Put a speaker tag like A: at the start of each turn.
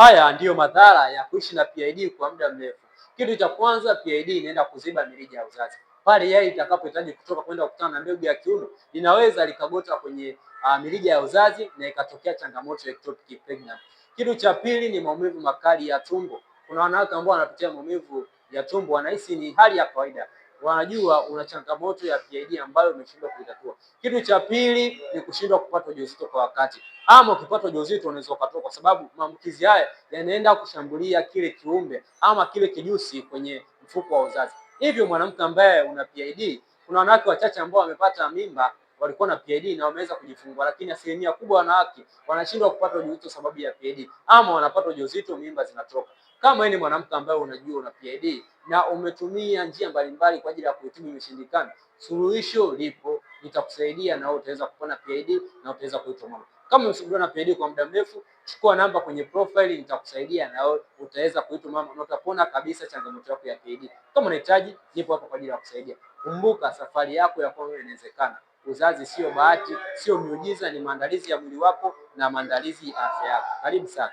A: Haya ndiyo madhara ya kuishi na PID kwa muda mrefu. Kitu cha kwanza, PID inaenda kuziba mirija ya uzazi. Pale yai itakapohitaji kutoka kwenda kukutana na mbegu ya kiuno, linaweza likagota kwenye uh, mirija ya uzazi na ikatokea changamoto ya ectopic pregnancy. Kitu cha pili ni maumivu makali ya tumbo. Kuna wanawake ambao wanapitia maumivu ya tumbo wanahisi ni hali ya kawaida, wanajua una changamoto ya PID ambayo umeshindwa kuitatua. Kitu cha pili ni kushindwa kupata ujauzito kwa wakati, ama ukipata ujauzito unaweza ukatoa, kwa sababu maambukizi haya yanaenda kushambulia kile kiumbe ama kile kijusi kwenye mfuko wa uzazi. Hivyo mwanamke ambaye una PID, kuna wanawake wachache ambao wamepata mimba walikuwa na PID na wameweza kujifungua, lakini asilimia kubwa wanawake wanashindwa kupata ujauzito sababu ya PID, ama wanapata ujauzito mimba zinatoka. Kama wewe ni mwanamke ambaye unajua una PID na umetumia njia mbalimbali kwa ajili ya kuitibu imeshindikana, suluhisho lipo, litakusaidia na utaweza kupona PID na utaweza kuitwa mama. Kama umesumbuliwa na PID kwa muda mrefu, chukua namba kwenye profile, nitakusaidia na utaweza kuitwa mama na utapona kabisa changamoto yako ya PID. Kama unahitaji, nipo hapa kwa ajili ya kukusaidia. Kumbuka, safari yako ya kwanza inawezekana. Uzazi sio bahati, sio miujiza, ni maandalizi ya mwili wako na maandalizi ya afya yako. Karibu sana.